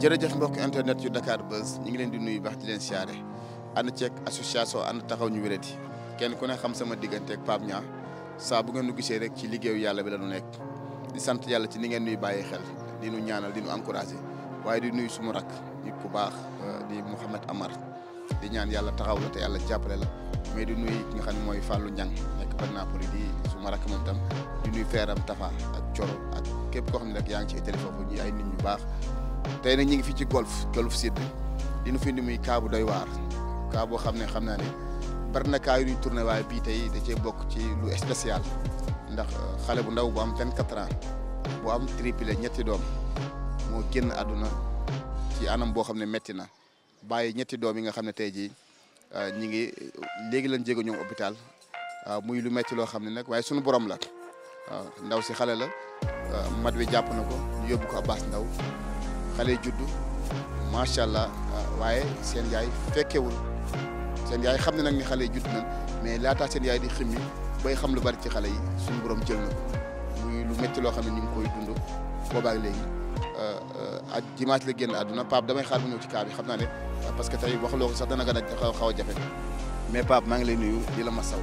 jërëjëf mbokk internet yu Dakar Buzz ñu ngi leen di nuyu baax di leen siyaare ànd ceeg association ànd taxaw ñu wérati kenn ku ne xam sama diggante ak Pape Niang saa bu ngeen nu gisee rek ci liggéeyu yàlla bi la nu nekk di sant yàlla ci ni ngeen nuy bàyyi xel di nu ñaanal di nu encouragé waaye di nuyu sumu rakk nit ku baax euh, di Mouhamed Amar di ñaan yàlla taxaw la te yàlla jàppale la mais di nuy ki nga xam ne mooy Fallou Niang nekk par Napoli di suma rakk moom tam di nuyu Feeram Tafa ak Coro ak képp koo xam ne yaa ngi ci téléphone bu ay nit ñu baax tey nag ñu ngi fii ci golf golf sidd bi li ñu fi indi muy kaabu day doy waar kaa boo xam ne xam naa ne bari na kaa yu ñuy tourné waaye bii tey da cee bokk ci lu spécial ndax euh, xale bu ndaw bu am 24 ans bu am triplé ñetti doom moo génn àdduna ci anam boo xam ne métti na bàyyi ñetti doom yi nga xam ne tey jii euh, ñi ngi léegi lañ jéego ñoom hôpital euh, muy lu métti loo xam ne nag waaye sunu borom la ndaw si xale la mat wi jàpp na ko ñu yóbbu ko Abass Ndao xale juddu macha allah waaye seen yaay fekkewul seen yaay xam ne nag ni xale judd nañ mais laataa seen yaay di ximmi booy xam lu bari ci xale yi suñu borom jël na muy lu métti loo xam ne ñu ngi koy dund boobaak léegi euh, euh, ak dimanche la génn àdduna paab damay xaar mu ñëw ci kaa bi xam naa ne parce que tey waxuloo sax dana gën a xaw a jafe mais Pape maa ngi lay nuyu di la ma saw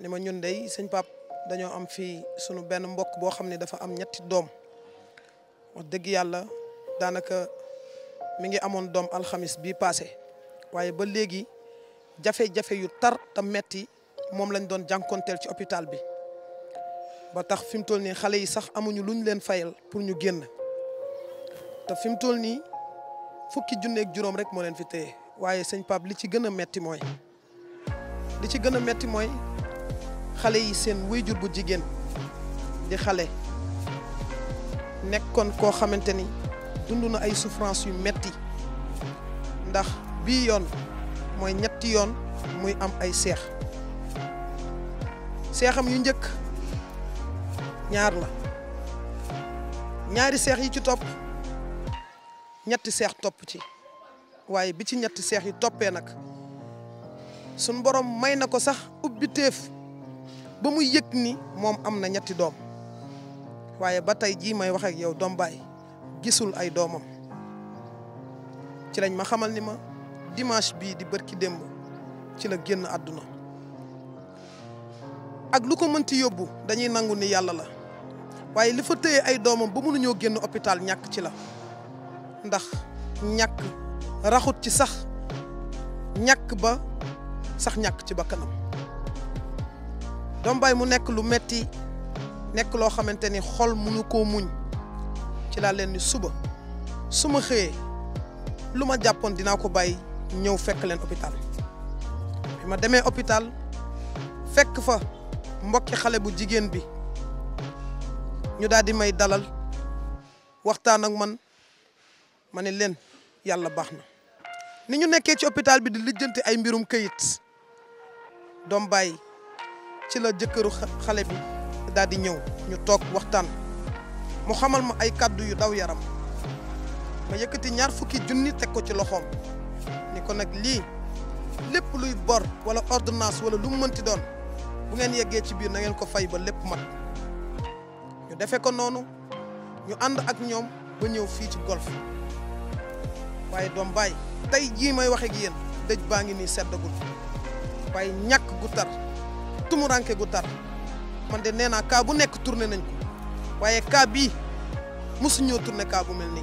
ni ma ñun day sëñ dañoo am fii sunu benn mbokk boo xam ne dafa am ñetti doom wax dëgg yàlla daanaka mu ngi amoon doom alxamis bi passé waaye ba léegi jafe-jafe yu tar te metti moom lañ doon jànkonteel ci hôpital bi ba tax fi mu toll nii xale yi sax amuñu luñ leen fayal pour ñu génn te fi mu toll nii fukki junneeg juróom rekk moo leen fi téye waaye sëñ li ci gën a metti mooy li ci gën a metti mooy xale yi seen wéyjur bu jigéen di xale nekkoon koo xamante ni dund na ay souffrance yu metti ndax bii yoon mooy ñetti yoon muy am ay seex seexam yu njëkk ñaar la ñaari seex yi ci topp ñetti seex topp ci waaye bi ci ñetti seex yi toppee nag sunu borom may na ko sax ubbi téef ba muy yëg ni moom am na ñetti doom waaye ba tey jii may wax yow doom baay gisul ay doomam ci lañ ma xamal ni ma dimanche bii di bërki démb ci la génn àdduna ak lu ko mënti yóbbu dañuy nangu ni yàlla la waaye li fa tëye ay doomam ba mënuñoo génn hôpital ñàkk ci la ndax ñàkk raxut ci sax ñàkk ba sax ñàkk ci bakkanam Doom Baye mu nekk lu metti nekk loo xamante ni xol munu koo muñ ci laa leen ni suba su ma xëyee lu ma jàppoon dina ko bàyyi ñëw fekk leen hôpital bi ma demee hôpital fekk fa mbokki xale bu jigéen bi ñu daal di may dalal waxtaan ak man ma ne leen yàlla baax na ni ñu nekkee ci hôpital bi di lijjanti ay mbirum kayit Doom Baye ci la jëkkëru xale bi daal ñëw ñu toog waxtaan mu xamal ma ay kàddu yu daw yaram ma yëkkati ñaar fukki junni teg ko ci loxoom ni ko nag lii lépp luy bor wala ordonnance wala lu mu mënti doon bu ngeen yeggee ci biir nangeen ko fay ba lépp mat ñu defe ko noonu ñu ànd ak ñoom ba ñëw fii ci golf waaye doom bàyyi tey jii may wax ak dëj baa ngi nii seddagul waaye ñàkk gu tumuranke gu tar man de nee naa cas bu nekk tourné nañ ko waaye cas bii mosuñoo tourné cas bu mel ni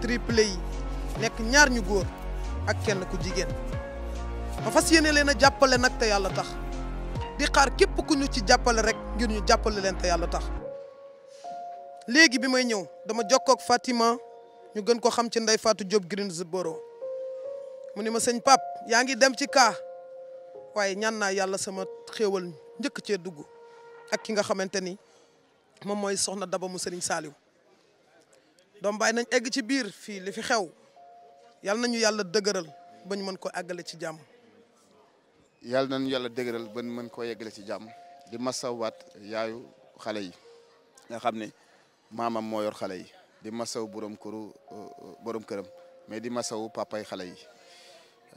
triplé nekk ñaar ñu góor ak kenn ku jigéen ma fas yéene leen a jàppale nag te yàlla tax di xaar képp ku ñu ci jàppale rek ngir ñu jàppale leen te yàlla tax léegi bi may ñëw dama jokkook Fatima ñu gën ko xam ci Ndeye Fatou Diop Greensboro mu ni ma sëñ Pape yaa ngi dem ci cas waaye ñan naa yàlla sama xéwal njëkk cee dugg ak ki nga xamante ni moom mooy soxna Daba mu Serigne saaliw doom bàyyi nañ egg ci biir fii li fi xew yàlla nañu yàlla dëgëral ba ñu mën ko àggale ci jàmm. yàlla nañu yàlla dëgëral ba ñu mën koo yeggale ci jàmm di masawaat yaayu xale yi nga xam ne maamam moo yor xale yi di masaw borom këru uh, uh, borom këram mais di masawu papay xale yi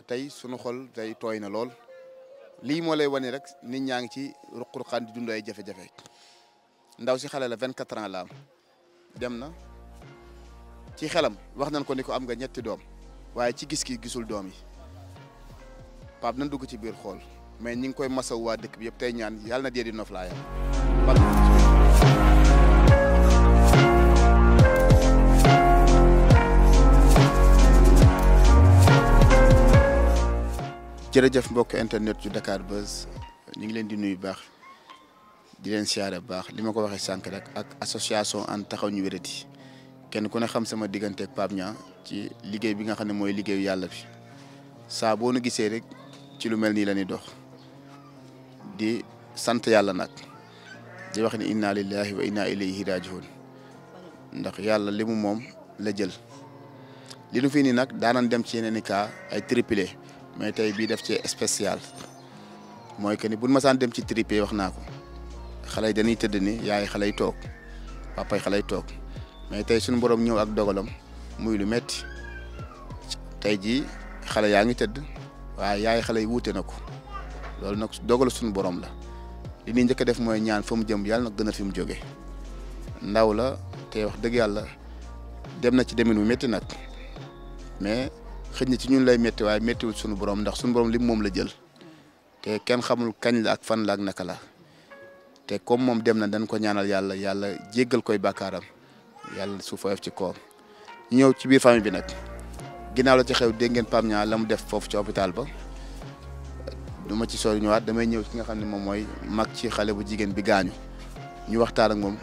tey sunu xol tey tooy na lool. lii moo lay wane rek nit ñaa ngi ci ruq-ruqaan di dund ay jafe-jafe ndaw si xale la 24 ans la am dem na ci xelam wax nan ko ni ko am nga ñetti doom waaye ci gis ki gisul doom yi Pape nañ dugg ci biir xool mais ñi ngi koy masaw waa dëkk bi yëpp tey ñaan yàlla na dee di noflaayam jërëjëf mbokk internet yu dakaar Buzz ñu ngi leen di nuyu baax di leen siyaare bu baax li ma ko waxee sànq rek ak association an taxaw ñu wérati kenn ku ne xam sama diggante ak Pape ci liggéey bi nga xam ne mooy liggéeyu yàlla bi saa boo nu gisee rek ci lu mel nii la ñuy dox di sant yàlla nag di wax ni inna lillahi wa inna ilayhi rajiun ndax yàlla limu moom la jël li nu fi nii nag daanan dem ci yeneen i cas ay triple mais tey bii def ci spécial mooy que ni buñ masaan dem ci trip wax naa ko xale yi dañuy tëdd ni yaay xale toog papay xale toog mais tey suñu boroom ñëw ak dogalam muy lu metti tey jii xale yaa ngi tëdd waaye yaay xale yi wuute na ko loolu nag dogalu suñu borom la li ñuy njëkk def mooy ñaan fa mu jëm yàlla na gën a fi mu jóge ndaw la te wax dëgg yàlla dem na ci demin metti métti nag mais xëj na ci ñun lay métti waaye méttiwul suñu borom ndax suñu borom lim moom la jël te kenn xamul kañ la ak fan la ak naka la te comme moom dem na dañ ko ñaanal yàlla yàlla jéggal koy bàkkaaram yàlla su fooyof ci koom ñëw ci biir famille bi nag ginnaaw la ci xew dégg ngeen Pape la mu def foofu ci hôpital ba duma ci sori ñëwaat damay ñëw ci nga xam ne moom mooy mag ci xale bu jigéen bi gaañu ñu waxtaan ak moom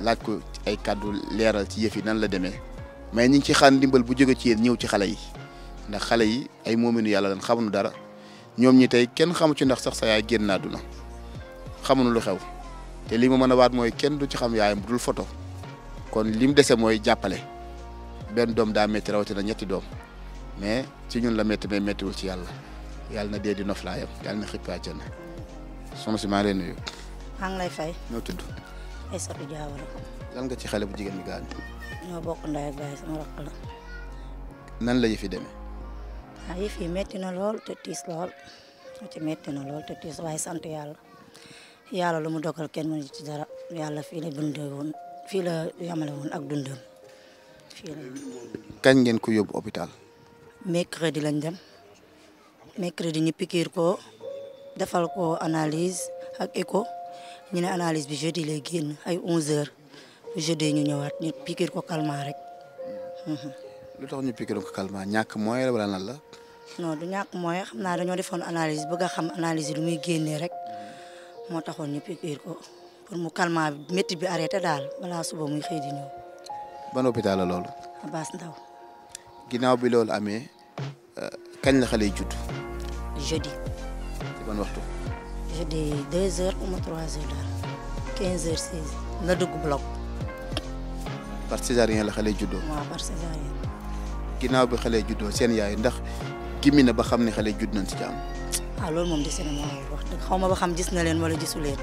laaj ko ay kàddu leeral ci yëf yi nan la demee mais ñu ngi ci xaan ndimbal bu jóge ci yéen ñëw ci xale yi ndax xale yi ay moominu yàlla lan xamuñu dara ñoom ñi tey kenn xamu ci ndax sax sa yaay génn àdduna xamuñu lu xew te li ma mën a waat mooy kenn du ci xam yaayam dul photo kon li mu dese mooy jàppale benn doom daa métti rawatina ñetti doom mais ci ñun la métti mais méttiwul ci yàlla yàlla na dee di noflaayam yàlla na xippi àjjana soxna si maa ngi lay ñoo maa tudd. Aïssatou nga ci xale bu jigéen bi gaañu. ñoo bokk ndey ak baay rakk la. nan la fi demee. ah yëf yi metti na lool te tiis lool te metti na lool waaye sant yàlla yàlla lu mu dogal kenn ci dara yàlla fii la dundee woon fii la yamale woon ak dundam kañ ngeen ko yóbbu hôpital. mercredi lañ dem mercredi ñi pikiir ko defal ko analise ak écho ñu ne analise bi jeudi lay génn ay 11h jeudi ñu ñëwaat ñu pikiir ko calmant rek. Mhm. lu tax ñu piqué donc calmant ñàkk moyen la wala lan la. du ñàkk moyen xam naa dañoo defoon analyse bëgg a xam analyse lu muy génnee rek mm-hmm. moo taxoon ñu piqué ko pour mu calmant métti bi arrêté daal balaa suba muy xëy di ñëw. ban hôpital la loolu. Abass Ndao ginnaaw bi loolu amee euh, kañ la xale yi judd. jeudi. ci ban waxtu. jeudi 2 la dugg bloc. par césarienne la ginnaaw bi xale juddoo seen yaay ndax gimmi na ba xam ne xale judd nañ si jàmm. ah loolu moom di na ma wax dëgg xaw ma ba xam gis na leen wala gisu leen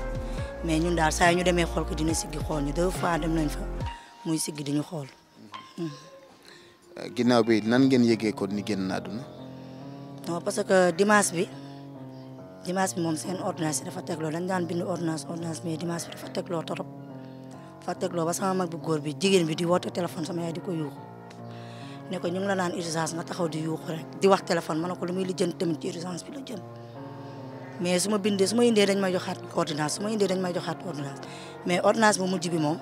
mais ñun daal saa ñu demee xool ko dina siggi xool ñu deux fois dem nañ fa muy siggi di xool. Euh, ginnaaw bi nan ngeen yëgee ni génn àdduna. non parce que dimanche bi dimanche bi moom seen ordonnance dafa tegloo dañ daan bind ordonnance ordonnance mais dimanche bi dafa tegloo torop dafa tegloo ba sama mag bu góor bi jigéen bi di woote téléphone sama yaay di ko yuuxu ne ko la naan urgence nga taxaw di yuuxu rek di wax téléphone ma ne ko lu muy lijjanti tamit ci urgence bi la jëm mais su ma bindee su ma indee dañ may joxaat ordonnance su ma indee dañ may joxaat ordonnance mais ordonnance bu mujj bi moom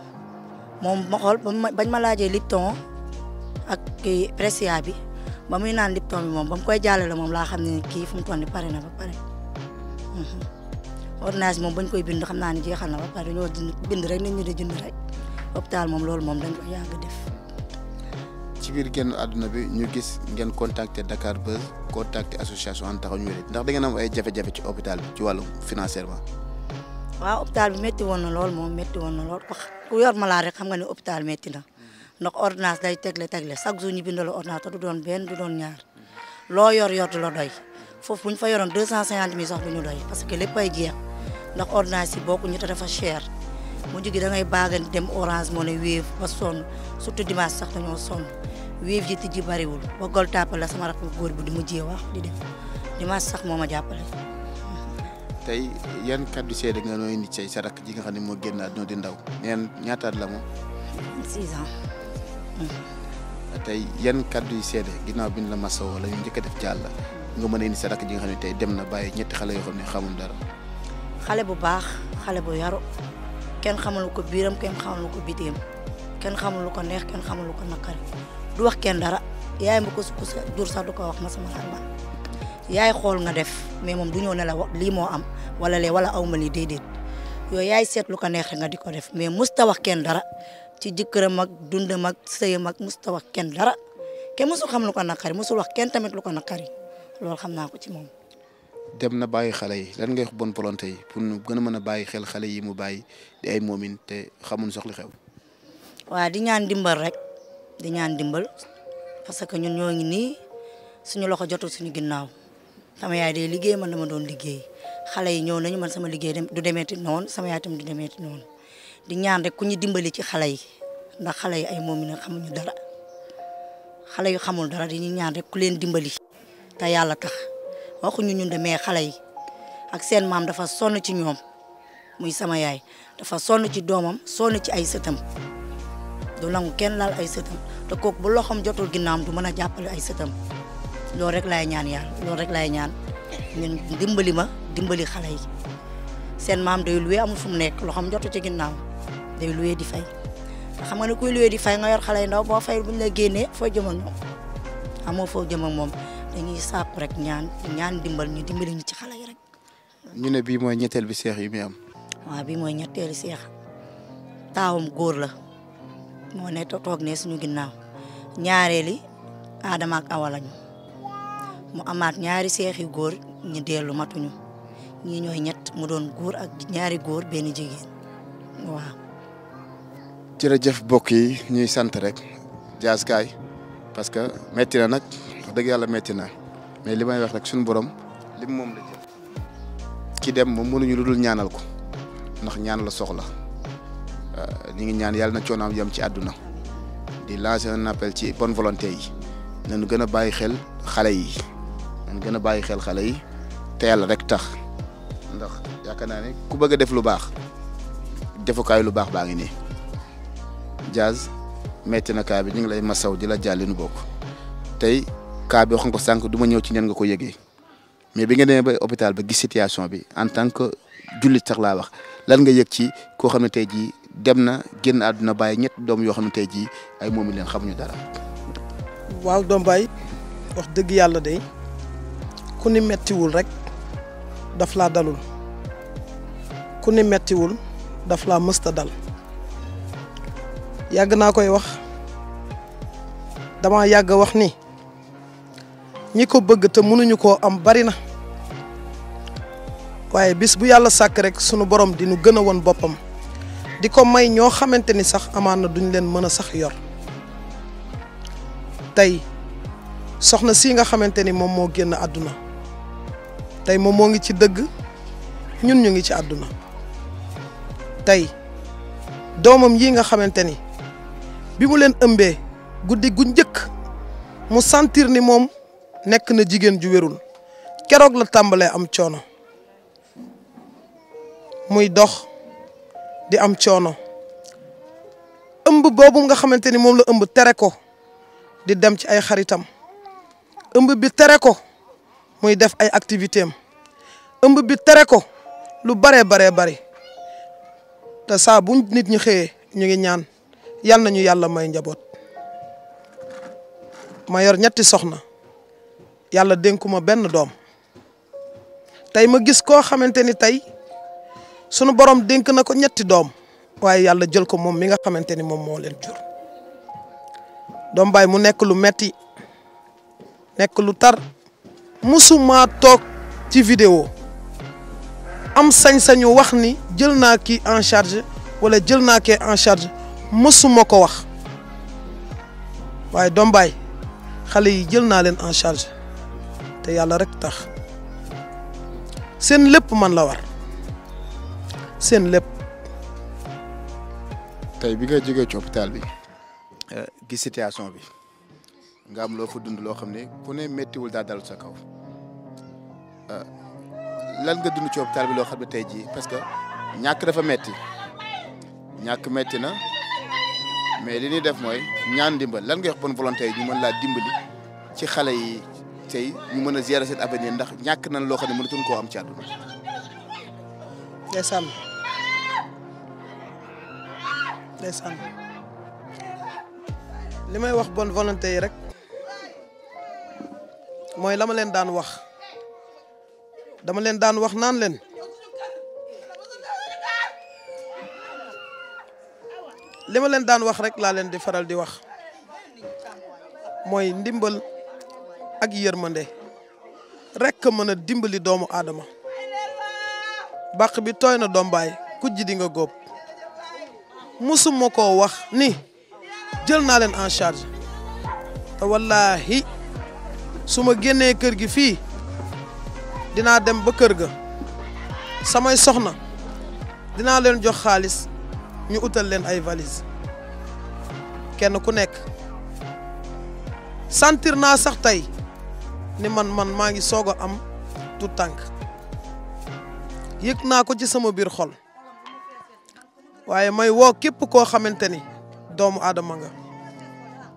moom ma xool bañ ma laajee Lipton ak kii Precia bi ba muy naan Lipton bi moom ba mu koy jàllale moom laa xam ne kii fu mu toll ni pare na ba pare mhm. ordonnance moom bañ koy bind xam naa ne jeexal na ba pare dañoo bind rek nit ñi di jënd rek hôpital moom loolu moom dañ ko yàgg def. ci biir génn àdduna bi ñu gis ngeen contacter Dakar Buzz contacter association Ande Taxawu ñu wér ndax da ngeen am ay jafe-jafe ci hôpital bi waaw hôpital bi métti woon na lool moom métti woon na lool wax ku yor malade rek xam nga ne hôpital métti na ndax ordonnance day tegle tegle chaque jour ñu bindal ordonnance du doon benn du doon ñaar loo yor yor du la doy foofu bu fa yoroon deux cent cinquante mille sax du ñu doy parce que léppay jeex ndax ordonnance yi bokkuñu te dafa cher. mu jógee da ngay baagan dem orange moo ne wéef ba wéef-jiti ji bariwul ba gol tàppal la sama rakk góor bi di mujjee wax di def dimanche sax moo ma jàppale tey yan kàddu seede nga noo indi say sa rakk ji nga xam ne moo génn di ndaw neen la moom six ans hmm. tey yan kàddu yi seede ginnaaw bi la masawoo la ñu njëkk a def jàll nga mën a indi sa rakk ji nga xam ne tey dem na bàyyi ñetti xale yoo xam ne xamul bu baax xale bu yaru kenn xamul ko biiram kenn xamul ko bitéem kenn xamul ko neex kenn xamul ko naqari du wax kenn dara yaay ma ko ku sa du ko wax ma sama xarma yaay xool nga def mais moom du ñëw na la lii moo am wala lee wala aw ma lii déedéet yooyu yaay seet lu ko neex nga di ko def mais musta wax kenn dara ci jëkkëram ak dundam ak sëyam ak musta kenn dara kenn musul xam lu ko naqari musul wax kenn tamit lu ko naqari loolu xam naa ko ci moom. dem na bàyyi xale yi lan nga wax bonne volonté yi pour ñu gën a mën a bàyyi xel xale yi mu bàyyi di ay moomin te xamuñ soxli xew. waa di ñaan dimbal rek di ñaan dimbal parce que ñun ñoo ngi nii suñu loxo jotul suñu ginnaaw sama yaay day liggéey man dama doon liggéey xale yi ñëw ñu man sama liggéey du demeeti noon sama yaay tam du demeeti noonu di ñaan rek ku ñu dimbali ci xale yi ndax yi ay moom mi nag dara xale yu xamul dara di ñaan rek ku leen dimbali te yàlla tax waxuñu ñun de mais xale yi ak seen maam dafa sonn ci ñoom muy sama yaay dafa sonn ci doomam sonn ci ay sëtam du nangu kenn laal ay sëtam te kooku bu loxoom jotul ginnaam du mën a jàppale ay sëtam loolu rek laay ñaan yàlla loolu rek laay ñaan ñun dimbali ma dimbali xale seen maam day luwee amul fu mu nekk loxoom jotu ci ginnaaw day luwee di fay xam nga ne kuy luwee di fay nga yor xale yi ndaw boo fay ñu la génnee foo jëm ak amoo foo jëm moom dañuy sàpp rek ñaan ñaan dimbal ñu dimbali ñu ci xale yi rek. ñu ne bii mooy ñetteel bi seex yi muy bii mooy ñetteelu seex taawam góor la. moo ne toog ne suñu ginnaaw ñaareeli Adama ak Awa lañu mu amaat ñaari seexi góor ñi dellu matuñu ñii ñooy ñett mu doon góor ak ñaari góor benn jigéen waaw. jërëjëf mbokk yi ñuy sant rek Diaz Kaay parce que métti na nag wax dëgg yàlla métti na mais li may wax rek suñu borom lim moom la jël dem moom mënuñu lu dul ñaanal ko ndax ñaan la soxla. ñu ngi ñaan yàlla na coonaam yem ci àdduna di lancer un appel ci bonne volonté yi nañu gën a bàyyi xel xale yi gën a bàyyi xel xale yi te yàlla rek tax ndax yaakaar naa ne ku bëgg a def lu baax defukaay lu baax baa ngi nii Diaz metti na kaa bi ñu ngi lay masaw di la jaal li nu bokk tey kaa bi wax nga du ma ñëw ci neen nga ko yëgee mais bi nga ba hôpital ba gis situation bi en tant que jullit sax laa wax lan nga yëg ci koo xam ne tey jii dem na génn àdduna bàyyi ñett doom yoo xam ne tey jii ay moom leen xamuñu dara. waaw doom bàyyi wax dëgg yàlla de ku ni mettiwul rek daf laa dalul ku ni mettiwul daf laa mësta dal yàgg naa koy wax dama yàgg a wax ni ñi ko bëgg te mënuñu koo am bari na. waaye bis bu yàlla sàkk rek sunu borom di nu gën a woon boppam di ko may ñoo xamante ni sax amaan na duñ leen mën a sax yor tey soxna si nga xamante ni moom moo génn àdduna tey moom moo ngi ci dëgg ñun ñu ngi ci àdduna tey doomam yi nga xamante ni bi mu leen ëmbee guddi gu njëkk mu sentir ni moom nekk na jigéen ju wérul keroog la tàmbalee am coono. muy dox di am coono ëmb boobu nga xamante ni moom la ëmb tere ko di dem ci ay xaritam ëmb bi tere ko muy def ay activité am ëmb bi tere ko lu baree baree bari te saa bu nit ñi xëyee ñu ngi ñaan yal nañu yàlla may njaboot mayor ñetti soxna yàlla dénkuma benn doom tey ma gis koo xamante ni tey sunu borom dénk na ko ñetti doom waaye yàlla jël ko moom mi nga xamante ni moom moo leen jur doom baay mu nekk lu metti nekk lu tar musuma toog ci vidéo am sañ-sañu wax ni jël naa kii en charge wala jël naa kee en charge mësuma ko wax waaye doom baay xale yi jël naa leen en charge te yàlla rek tax seen lépp man la war seen lépp. tey bi nga jógee ci hôpital bi. Euh, gis situation bi nga am loo fa dund loo xam ne ku ne méttiwul daa dal sa kaw euh, lan nga dund ci bi loo xam ne tey jii parce que ñàkk dafa metti ñàkk metti na mais li ñuy def mooy ñaan dimbal lan nga wax bonne volonté ñu mën laa dimbali ci xale yi tey ñu mën a gérer seen avenir ndax ñàkk na loo xam ne mënatuñ koo am ci àdduna. ndeysaan li may wax bonne volonté rek mooy lama leen daan wax dama leen daan wax naan leen li ma leen daan wax rek laa leen di faral di wax mooy ndimbal ak yërmande rek mën a dimbali doomu aadama bàq bi tooy na dombaay ku ji di nga góob musuma koo wax ni jël naa leen en charge te wallaahi su ma génnee kër gi fii dinaa dem ba kër ga samay soxna dinaa leen jox xaalis ñu utal leen ay valise kenn ku nekk sentir naa sax tey ni man man maa ngi soog a am tout tànk yëg naa ko ci sama biir xol waaye may woo képp koo xamante ni doomu aadama nga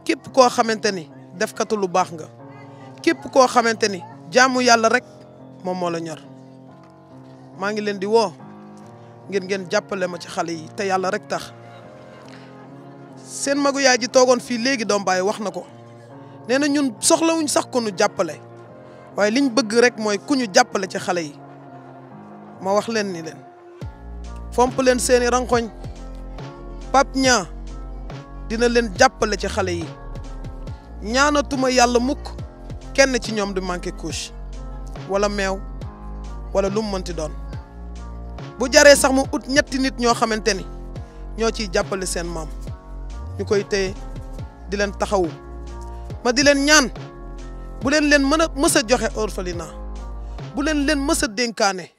képp koo xamante ni def katu lu baax nga képp koo xamante ni jaamu yàlla rek moom moo la ñor maa ngi leen di woo ngeen ngeen jàppale ma ci xale yi te yàlla rek tax seen magu yaay ji toogoon fii léegi doom baay wax na ko nee na ñun soxlawuñ sax ku ñu jàppale waaye liñ bëgg rek mooy ku ñu jàppale ci xale yi. ma wax leen ni leen fomp leen seeni rankoñ Pape Niang dina leen jàppale ci xale yi ñaanatuma yàlla mukk kenn ci ñoom di manqué couche wala meew wala lu mu mënti doon bu jaree sax mu ut ñetti nit ñoo xamante ni ñoo ciy jàppale seen maam ñu koy tey di leen taxawu ma di leen ñaan bu leen leen mën a mës a joxe orphelinat bu leen leen mës a dénkaane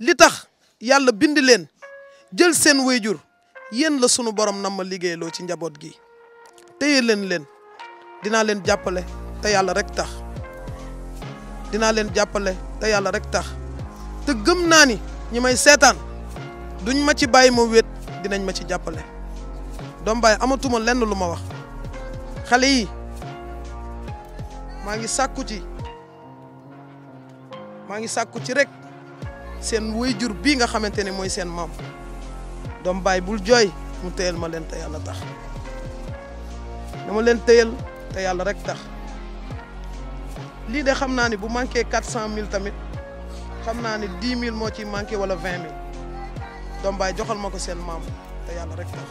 li tax yàlla bind leen jël seen wayjur yéen la sunu borom nam ma liggéeyloo ci njaboot gi te leen leen dinaa leen jàppale te yàlla rek tax leen jàppale te yàlla rek tax te gëm naa ni ñi may seetaan duñ ma ci bàyyi ma wéet dinañ ma ci jàppale doom bàyyi amatuma lenn lu ma wax xale yi maa ngi sàkku ci maa ngi sàkku ci rek seen waajur bii nga xamante ne mooy seen maam doom baay bul jooy mu téyal ma leen te yàlla tax dama leen téyal te yàlla rek tax lii de xam naa ni bu manqué quatre cent mille tamit xam naa ni dix mille moo ci manqué wala vingt mille doom baay joxal ma ko seen maam te yàlla rek tax.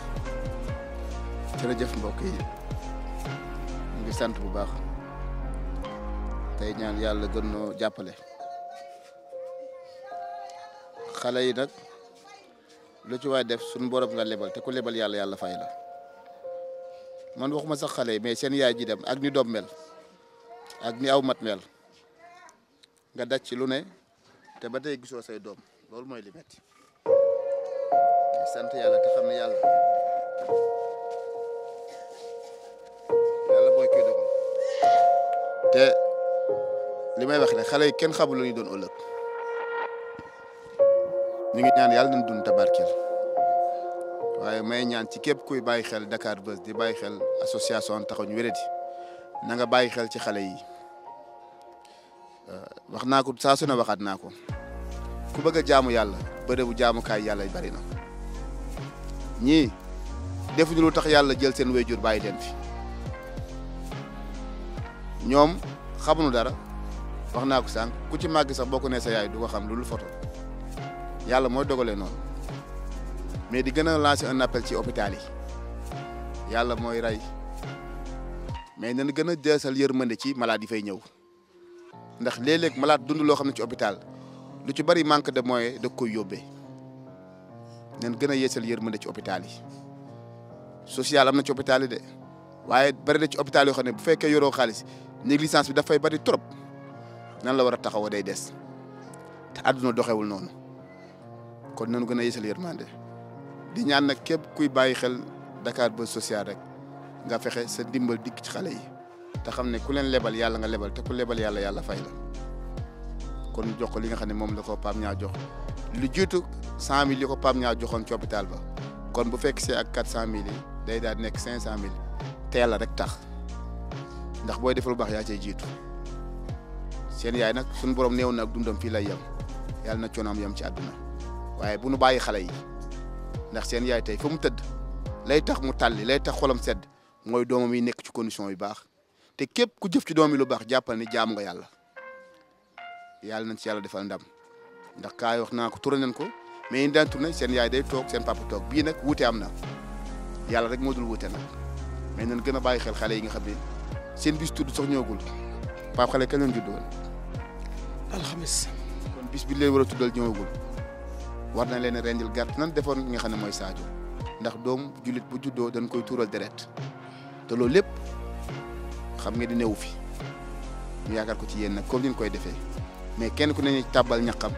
jërëjëf mbokk yi ñu ngi sant bu baax te ñaan yàlla gën noo jàppale. xale yi nag lu ci waay def suñu borom nga lebal te ku lebal yàlla yàlla fay la man waxuma sax xale yi mais seen yaay ji dem ak ni doom mel ak ni aw mel nga daj ci lu ne te ba tey gisoo say doom loolu mooy limet metti sant yàlla te xam ne yàlla mooy koy dogal te li may wax ne xale yi kenn xamul lu doon ëllëg ñu ngi ñaan yàlla nañ dund tabarkeel waaye may ñaan ci képp kuy bàyyi xel Dakar Buzz di bàyyi xel association taxaw ñu wéradi na nga bàyyi xel ci xale yi euh, wax naa ko saa su ne waxaat naa ko ku bëgg a jaamu yàlla bërëbu jaamukaay yàlla yi bari na ñii defuñu lu tax yàlla jël seen wéyjur bàyyi leen fi ñoom xamuñu dara wax naa ko sànq ku ci màgg sax bokk ko nee sa yaay du ko xam lu dul photo yàlla mooy dogalee noonu mais di gën a lancer un appel ci hôpital yi yàlla mooy rey mais nan gën a deesal yërmande ci malade di fay ñëw ndax léeg-léeg malade dund loo xam ne ci hôpital lu ci bari manque de mooy da koy yóbbee nañ gën a yeesal yërmande ci hôpital yi social am na ci hôpital yi de waaye bari na ci hôpital yoo xam ne bu fekkee yoroo xaalis négligence bi dafay bari trop nan la war a taxawoo day des te àdduna doxewul noonu. kon nanu gën a yeesal yërmande di ñaan nag képp kuy bàyyi xel Dakar Buzz Social rek nga fexe sa dimbal dikk xale yi te xam ne ku leen lebal yàlla nga lebal te ku lebal yàlla yàlla fay la kon jox ko li nga xam ne moom la ko Pape ñaa jox lu jiitu cent mille yi ko ñaa joxoon ci hôpital ba kon bu fekk see ak quatre cent mille yi day daal nekk cinq cent mille teel a rek tax ndax booy defal bu baax yaa cay jiitu seen yaay nag sunu borom néew na dundam fii lay yem yàlla na coonoom yem ci àdduna waaye bu nu bàyyi xale yi ndax seen yaay tey fa mu tëdd lay tax mu tàlli lay tax xolam sedd mooy doomam yi nekk ci condition yu baax te képp ku jëf ci doom yi lu baax jàppal ni jaamu nga yàlla yàlla nañ ci yàlla defal ndam ndax kaay wax naa ko tourné nañ ko mais ñu daan tourné seen yaay day toog seen papa toog bii nag wute am na yàlla rek moo dul wuute nag mais nañ gën a bàyyi xel xale yi nga xam ne seen bis tudd sox ñëwagul papa xale kañ lañ judd kon bis bi leen war a tuddal ñëwagul war na leen rendil gàtt nan defoon nga xam ne mooy Sadio ndax doom jullit bu juddoo dañ koy tuural deret te loolu lépp xam nga di newu fi ñu yaakaar ko ci yéen nag comme ni ñu koy defee mais kenn ku ne ñu tàbbal ñaqam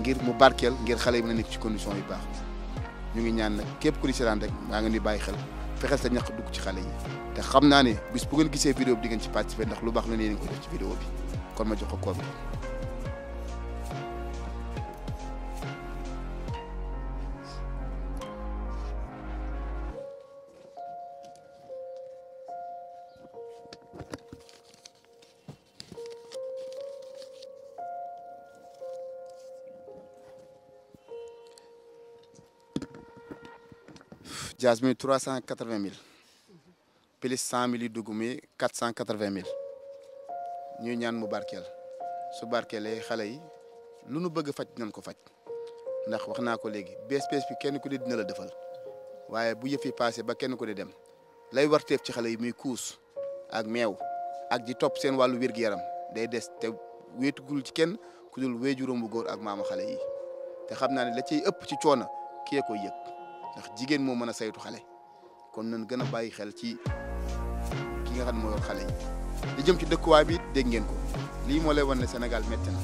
ngir mu barkeel ngir xale yi mën a nekk ci condition bi baax ñu ngi ñaan nag képp ku di seetaan rek maa ngi di bàyyi xel fexeel sa ñaq dugg ci xale yi te xam naa ne bis bu ngeen gisee vidéo bi di ngeen ci participer ndax lu baax la ne yéen ci vidéo bi kon ma jox ko jaas mi trois cent quatre vingt mille plus cent mille yu dugg mi quatre cent quatre vingt mille ñuy ñaan mu barkeel su barkeelee xale yi lu nu bëgg faj nañ ko faj ndax wax naa ko léegi BSPS bi kenn ku ne dina la defal waaye bu yëf yi ba kenn ku ne dem lay war teef ci xale yi muy kuus ak meew ak ji topp seen wàllu wér-gu-yaram day des te wéetugul ci kenn ku dul wéejuróom bu góor ak maamu xale yi te xam naa ne la ciy ëpp ci coono kii koy yëg. ndax jigéen moo mën a saytu xale kon nañ gën a bàyyi xel ci ki nga xam ne moo yor xale yi li jëm ci dëkkuwaay bi dégg ngeen ko lii moo lay wan ne senegal métti na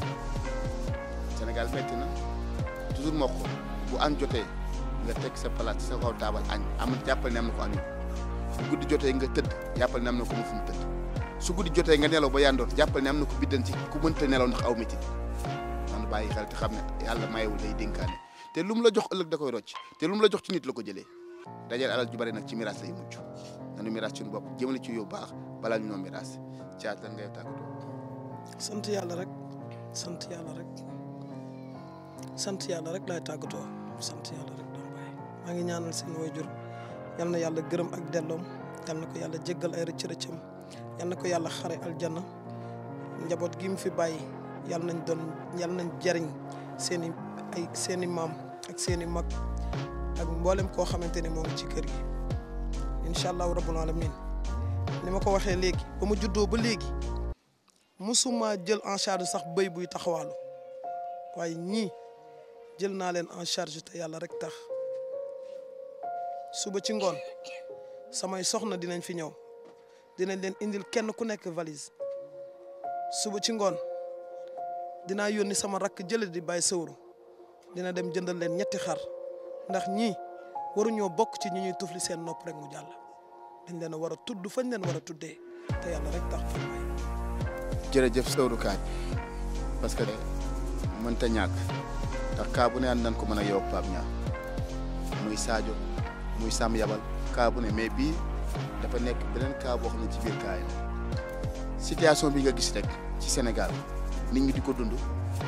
Sénégal métti na toujours moo ko bu jotee nga teg sa palaat sa kaw taabal añ am jàppal ne am na ko añul su guddi jotee nga tëdd jàppal ne am na ko mu fu mu tëdd su guddi jotee nga nelaw ba yandoor jàppal ne am na ko biddan ci ku mënta nelaw ndax aw métti man bàyyi xel te xam ne yàlla mayewul day te lu mu la jox ëllëg da koy rocc te lu la jox ci nit la ko jëlee dajal alal ju bari nag ci miraas lay mucc nanu miraas suñu bopp jëmale ci yow baax balaa ñu noo miraas caat lan ngay tàggatoo. sant yàlla rek sant yàlla rek sant yàlla rek laay tàggatoo sant maa ngi ñaanal seen waajur yal na yàlla gërëm ak delloom yal na ko yàlla jéggal ay rëcc yal na ko yàlla xare aljanna njaboot gi mu fi bàyyi yal nañ doon yal nañ jariñ seeni ay seeni maam ak seeni mag ak mboolem koo xamante ne moo ngi ci kër gi incha allahu rabbul alamin ni ma ko waxee léegi ba ma juddoo ba léegi musuma jël en charge sax béy buy taxawaalu waaye ñii jël naa leen en charge te yàlla rek tax suba ci ngoon samay soxna dinañ fi ñëw dinañ leen indil kenn ku nekk valise suba ci ngoon dinaa yónni sama rakk jële di bàyyi sëwru dina dem jëndal leen ñetti xar ndax ñi waruñoo bokk ci ñi ñuy tufli seen nopp rek mu jàll dañ leen a war a tudd fañ leen war a tuddee te yàlla rek tax fa may jërëjëf Sowru Ka parce que mënta ñàkk ndax kaa bu ne ànd nañ ko mën a yow Pape muy Sadio muy Sam Yabal kaa ne mais bii dafa nekk beneen kaa boo xam ne ci biir kaa yi situation bi nga gis rek ci senegal nit ñi di ko dund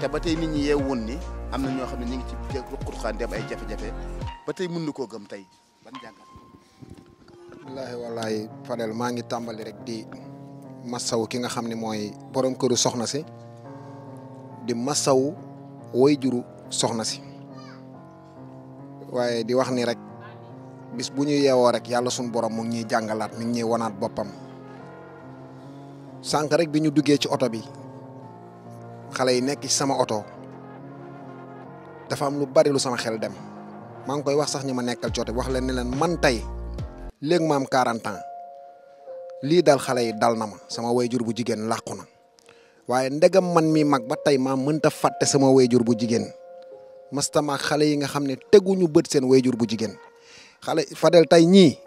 te ba tey nit ñi yeewoon ni am na ñoo xam ne ñu ngi ci ruqurqaan dem ay jafe-jafe ba tey mën na koo gëm tey ban jàngat wallaahi wallaahi maa ngi tàmbali rek di massaw ki nga xam ne mooy borom këru soxna si di massaw woy juru soxna si waaye di wax ni rek bis bu ñu yewoo rek yàlla suñu borom mu ngi ñuy jàngalaat mi ngi ñuy wanaat boppam sànq rek bi ñu duggee ci oto bi xale yi nekk ci sama oto dafa am lu bari lu sama xel dem maa ngi koy wax sax ñi ma nekkal coote wax leen ne leen man tey léegi maam am lii dal xale yi dal na ma sama wayjur bu jigéen làqu na waaye ndegam man mii mag ba tey maa mënta fàtte sama wayjur bu jigéen mastama xale yi nga xam ne teguñu bët seen wayjur bu jigéen xale Fadel tey ñii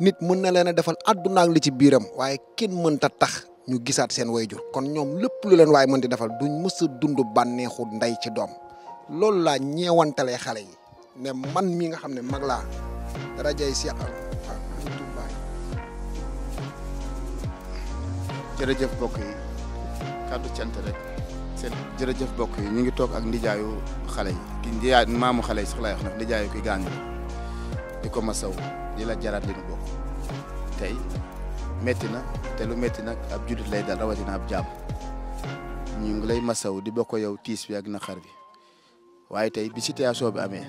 nit mën na leen defal àdduna ak li ci biiram waaye kenn mënta tax ñu gisaat seen jur kon ñoom lépp lu leen waaye mën di defal duñ mës a dund ndey ci doom loolu laa ñeewantalee xale yi ne man mi nga xam ne mag laa rajay Cheikh Ahmadou Touba jërëjëf mbokk yi kàddu cant rek seen jërëjëf mbokk yi ñu ngi toog ak ndijaayu xale yi di ndijaay xale yi sax laay wax ndax ndijaayu ki gaañu di ko masaw di la jaraat li nu bokk tey metti na te lu metti nag ab jullit lay dal rawatina ab jaam ñu ngi lay masaw di bokk yow tiis bi ak naqar bi waaye tey bi situation bi amee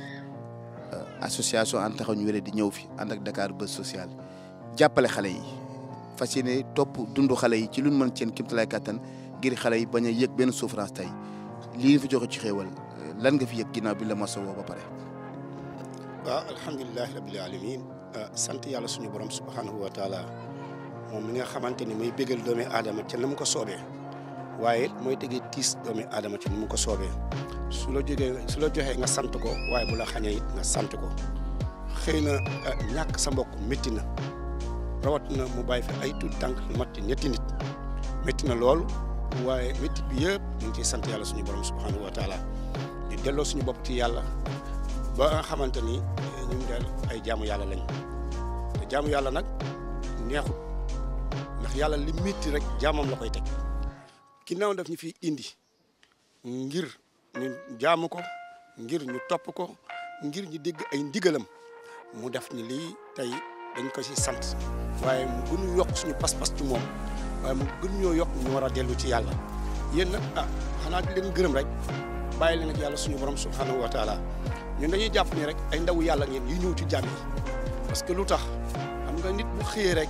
euh, association Ande Taxawu ñu Wéradi di ñëw fi ànd ak Dakar Buzz Social jàppale xale yi fas yéene topp dund xale yi ci lu mën seen kéemtalaay kàttan ngir xale yi bañ a yëg benn souffrance tey lii fi joxe ci xéewal lan nga fi yëg ginnaaw bi la ma sowoo ba pare. waaw alhamdulilahi rabil euh, sant yàlla suñu borom subhanahu wa moom mi nga xamante ni muy bégal doomi aadama ca na mu ko soobee waaye mooy tegee tiis doomi aadama ca na mu ko su la jógee su la joxee nga sant ko waaye bu la xañee nga sant ko xëy na eh, ñàkk sa mbokk métti na rawat na mu bàyyi fi ay tuut tànk lu mat ñetti nit métti na lool waaye métti bi yëpp ñu ci sant yàlla suñu borom subhanahu wa taala di delloo suñu bopp ci yàlla ba nga xamante ni eh, ñu ngi daal ay jaamu yàlla lañ te jaamu yàlla nag neexut ndax yàlla li métti rek jaamam la koy teg ginnaaw daf ñu fi indi ngir. ñu jaamu ko ngir ñu topp ko ngir ñi dégg ay ndigalam mu def ni lii tey dañ ko si sant waaye mu gën ñu yokk suñu pas-pas ci moom waaye mu gën ñoo yokk ñu war a dellu ci yàlla yéen nag ah xanaa di leen gërëm rek bàyyi leen ak yàlla suñu borom subhanahu wa taala ñun dañuy jàpp ni rek ay ndawu yàlla ngeen yu ñëw ci jàmm yi parce que lu tax xam nga nit bu xëyee rek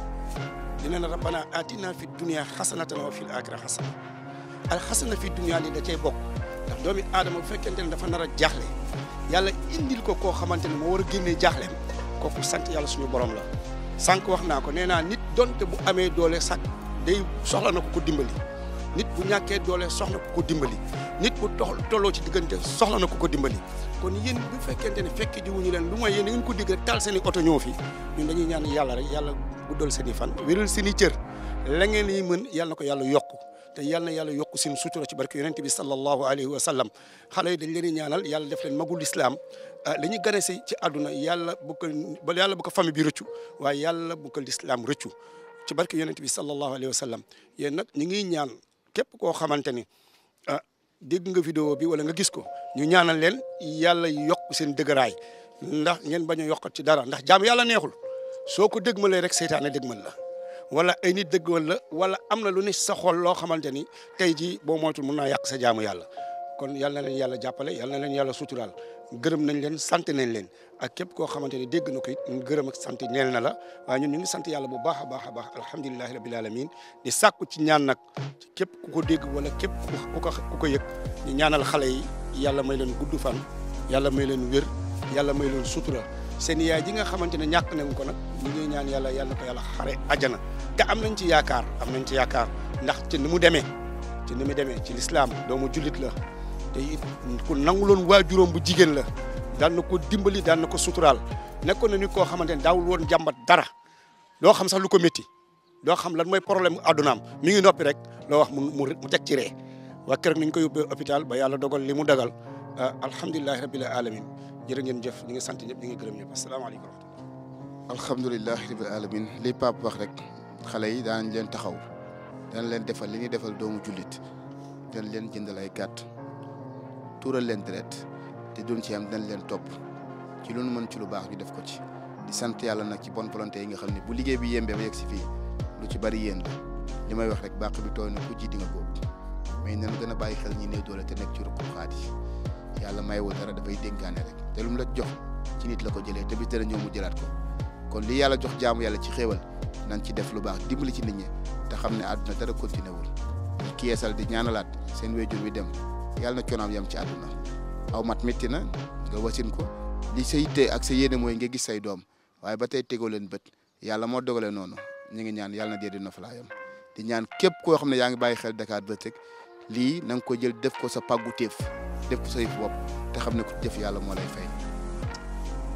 dina ne rabbana atina fi dunia xasanatan wa fil axira xasana al xasana fi dunia li da bokk tax doomi aadama bu fekkente ne dafa nar a jaaxle yàlla indil ko koo xamante ne moo war a génnee jaaxleem kooku sant yàlla suñu borom la sànq wax naa ko nee naa nit donte bu amee doole sax day soxla na ko ko dimbali nit bu ñàkkee doole soxla ko ko dimbali nit bu tox tolloo ci diggante soxla na ko ko dimbali kon yéen bu fekkente ne fekk jiwuñu leen lu mooy yéen da ko digg rek taal seen i oto ñoo fi ñun dañuy ñaan yàlla rek yàlla guddal seen i fan wéral seen i cër la ngeen yi mën yàlla ko yàlla yokku te yal na yàlla yokk seen sutura ci barke yonent bi sallallahu alayhi wa sallam xale yi dañ leen ñaanal yàlla def leen magul islam ah, li ñu gane si ci àdduna yàlla bu ko yàlla bu ko famille bi rëccu waaye yàlla bu ko lislaam rëccu ci barke yonent bi sallallahu alayhi wa sallam yéen nag ñu ngi ñaan képp koo xamante ni ah dégg nga vidéo bi wala nga gis ko ñu ñaanal leen yàlla yokk seen dëgëraay ndax ngeen bañ a yokkat ci dara ndax jaam yàlla neexul soo ko dégmalee rek seytaane dégmal la wala ay nit dëggal la wala am na lu ni sa xol loo xamante ni tey jii boo moytul mun naa yàq sa jaamu yàlla kon yal na yàlla jàppale yal na yàlla suturaal gërëm nañ leen sant nañ leen ak képp koo xamante ni dégg na ko gërëm ak sant neel na la waaye ñun ñu ngi sant yàlla bu baax a baax a baax alhamdulilahi rabil alamin di sàkku ci ñaan nag képp ku ko dégg wala képp ku ko ku ko yëg ñu ñaanal xale yi yàlla may leen gudd fan yàlla may leen wér yàlla may leen sutura seen yaay ji nga xamante ne ñàkk nañ ko nag ñu ngi ñaan yàlla yàlla ko yàlla xare àjjana te am nañ ci yaakaar am nañ ci yaakaar ndax ci ni mu demee ci ni mu demee ci lislaam doomu jullit la te it ku nanguloon waajuróom bu jigéen la daan na ko dimbali daan na ko suturaal nekkoon na nit koo xamante ne daawul woon jàmbat dara loo xam sax lu ko métti loo xam lan mooy problème addunaam mu ngi noppi rek loo wax mu mu teg ci ree waa keroog ni ñu ko yóbbee hôpital ba yàlla dogal li mu dagal ah, alhamdulilahi rabbil jërë ngeen jëf ñu ngi sant ñëpp ñu ngi gërëm ñëpp asalaamaaleykum wa rahmatulah. alhamdulilah rabil alamin li Pape wax rek xale yi daan leen taxaw daan leen defal li ñuy defal doomu jullit daan leen jëndal ay gàtt tuural leen deret te duñ ci am daan leen topp ci lu nu mën ci lu baax ñu def ko ci. di sant yàlla nag ci bon volonté yi nga xam ne bu liggéey bi yembee ba yegg si fi lu ci bari yéen la li may wax rek bàq bi tooy na ku ji di nga góob mais nañ gën a bàyyi xel ñi néew doole te nekk ci yàlla may woo dara dafay dénkaane rek. te lu mu la jox ci nit la ko jëlee te bis dana ñëw mu jëlaat ko kon li yàlla jox jaamu yàlla ci xéewal nan ci def lu baax dimbali ci nit ñi te xam ne àdduna dara continué wul ki di ñaanalaat seen wéjur wi dem yàlla na coonaam ci àdduna aw mat métti na nga wasin ko li sa yitte ak sa yéene mooy nga gis say doom waaye ba tey tegoo leen bët yàlla moo dogalee noonu ñu ngi ñaan yàlla na dee di di ñaan képp koo xam ne yaa ngi bàyyi xel Dakar Buzz rek lii na nga ko jël def ko sa pàggu téef def ko sa bopp te xam ne ku jëf yàlla moo lay fay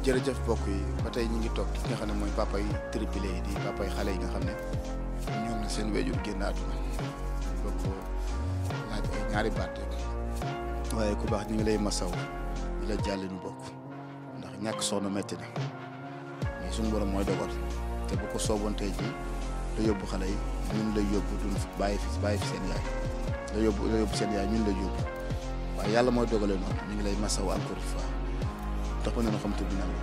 jërëjëf bokk yi ba tey ñu ngi toog ki nga mooy papa yi triplé yi di papa xale yi nga xam ne seen wéjur génn àdduna donc ñaari baat waaye ku baax ñu ngi lay masaw di la jàlli nu bokk ndax ñàkk soxna metti na mais suñu borom mooy dogal te bu ko sooboon ji la yóbbu xale yi ñun lay yóbbu duñ bàyyi fi bàyyi fi la yóbbu lay yóbbu waaye yàlla mooy dogale noonu ñu ngi lay masawu encore une fois topp nañu xam tudd na la.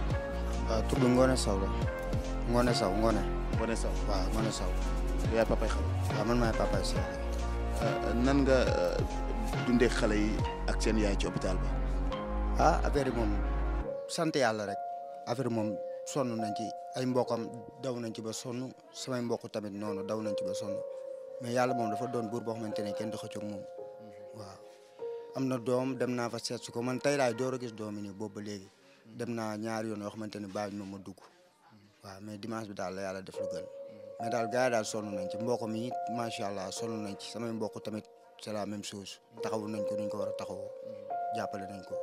waaw tudd Ngone Sow la Ngone Sow Ngone. Ngone Sow xale. Euh, nan nga euh, dundee xale yi ak seen yaay ci hôpital ba. ah affaire yi moom sant yàlla rek affaire moom sonn nañ ci ay mbokkam daw nañ ci ba sonn samay mbokk tamit noonu daw nañ ci ba sonn mais yàlla moom dafa doon buur boo xamante ne kenn du moom. am na doom dem naa fa seet su ko man tay laay door a gis doom yi nii boobu ba léegi dem naa ñaari yoon yoo xamante ni bàyyi ma ma dugg waaw mais dimanche bi daal la yàlla def lu gën daal gars daal sonn nañ ci mbokk mi macha allah sonn nañ ci samay mbokk tamit c'est la même chose nañ ko ko war a taxawoo jàppale nañ ko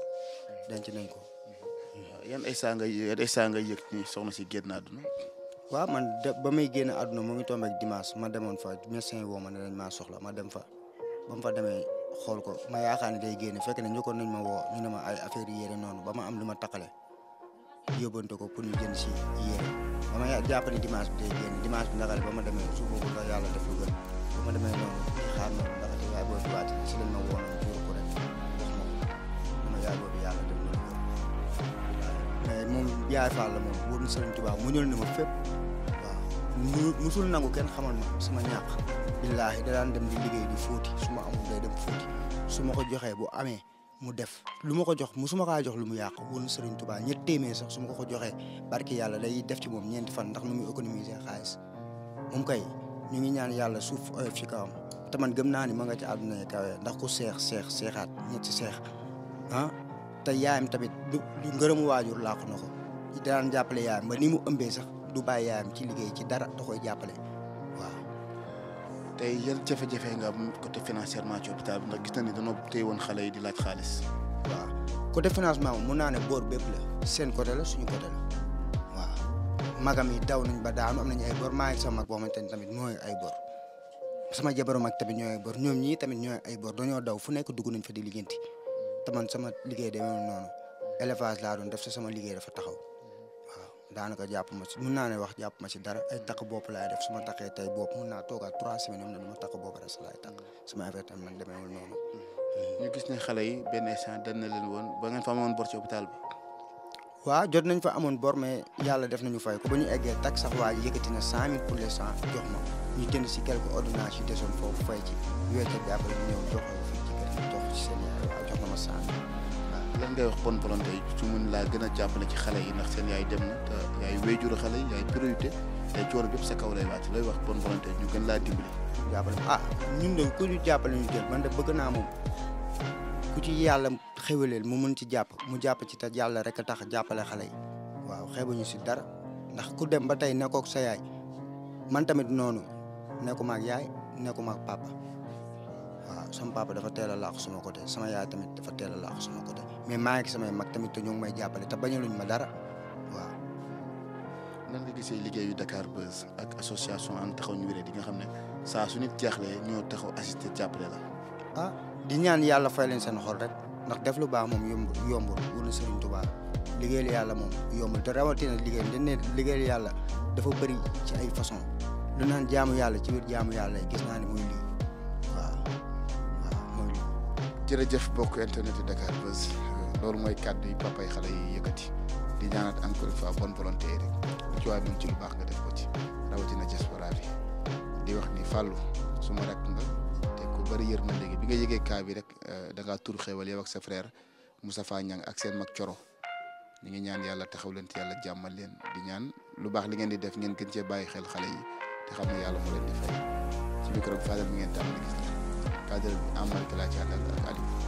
denc nañ ko. yan ay saa ngay yan ay saa ngay yëg ni soxna waaw man de ba may génn àdduna mu ngi tombé ak dimanche ma demoon fa médecin woo ma ne dañ maa dem fa ba fa demee. xool ko ma yaakaar ne day génn fekk ne njëkkoon nañ ma woo ñu ne ma ay yére noonu ba ma am lu ma taqale yóbbante ko pour ñu jënd si yére ba ma jàpp ne dimanche bi day génn dimanche bi ndaxale ba ma demee su boobu ndax yàlla def lu gën ba ma demee noonu xaar na ndaxate yaay boobu waati la moom wóor na Sëriñ Tuubaa mu ñëw ne ma fépp mu musul nangu kenn xamal ma sama ñàq billaahi da daan dem di liggéey di fóoti su ma amul day dem fóoti su ma ko joxee bu amee mu def lu ma ko jox mu suma ma jox lu mu yàq woon Serigne Touba ñett téeméer sax su ko ko joxee barki yàlla day def ci moom ñeenti fan ndax nu muy économiser xaalis moom kay ñu ngi ñaan yàlla suuf oyof ci kawam te man gëm naa ni ma nga ci àdduna yi kawe ndax ku seex seex seexaat ñetti seex ah te yaayam tamit du ngërëmu waajur làqu na ko daan jàppale yaayam ba ni mu ëmbee sax. du bàyyi yaayam ci liggéey ci dara da koy jàppale waaw. tey yan jafe-jafe nga am côté financièrement ci hôpital bi ndax gis woon xale yi di laaj xaalis. waaw côté financement moom mun naa ne boor bépp la seen côté la suñu côté la. magam yi daw nañ ba daanu am nañu ay bor maa ngi sama mag boo xamante tamit ñooy ay bor sama jabaru mag tamit ñooy ay bor ñoom ñii tamit ñooy ay bor dañoo daw fu nekk dugg nañ fa di liggéeyanti te man sama liggéey demee noonu élevage laa doon def sa sama liggéey dafa taxaw. daanaka jàpp ma si mun naa ne wax jàpp ma si dara ay takk bopp laay def su ma takkee tey bopp mun naa toogaat trois semaines am na du ma takk bopp rek si laay takk sama affaire tam gis ne xale yi benn instant dañ na leen woon ba ngeen fa amoon bor hôpital bi. waaw jot nañ fa amoon bor mais yàlla def nañu fay ko ba ñu eggee tak sax waa ji yëkkati na pour les cent jox ma ñu jënd si quelques ordonnances si desoon foofu fay ci wéccet bi après ñu ñëw jox ma cent lan ngay wax bonne volonté yi su mun laa gën a jàppale ci xale yi ndax seen yaay dem na te yaay wéyjuru xale yi yaay priorité te coono bépp sa kaw lay wàcc wax bonne volonté ñu gën laa dimbali. jàppale ah man de bëgg naa moom ci yàlla xewaleel mu mën ci jàpp mu jàpp ci te yàlla rek a tax jàppale xale yi waaw xeebuñu si dara ndax ku dem ba tey nekkook sa yaay man tamit noonu nekkuma ak yaay nekkuma ak papa. waaw sama papa dafa teel a laax sama côté sama yaay tamit dafa teel laax sama côté mais maa samay mag tamit te ñu ngi may jàppale te bañaluñ ma dara waaw. nan nga gisee liggéeyu Dakar Buzz ak association Ànd Taxawu Ñu di nga xam ne saa su nit jaaxlee ñoo taxaw assisté jàppale la. Ah, di ñaan yàlla fay leen seen xol rek ndax def lu baax moom yombul yombul wala Serigne Touba liggéeyal yàlla moom yombul te rawatina liggéey dañ ne liggéeyal yàlla dafa bëri ci ay façon lu naan jaamu yàlla ci biir jaamu yàlla gis naa ne jërëjëf bokk internet yi Dakar Buzz loolu mooy kàddu yi papa xale yi yëkkati di ñaanat encore une fois bonne volonté rek lu ci waay mën ci lu baax nga def ko ci rawatina diaspora bi di wax ni fàllu su ma rek nga te ku bëri yërmande gi bi nga yëgee kaa bi rek eh, da ngaa tur xéewal yow ak sa frère Moustapha Niang ak seen mag Coro ñu ngi ñaan yàlla taxaw leen te yàlla jàmmal leen di ñaan lu baax li ngeen di def ngeen gën cee bàyyi xel xale yi te xam ne yàlla moo leen di fay ci micro bi mi ngeen tàmm di gis. cadre bi Amar Kala Thiandal ak Aliou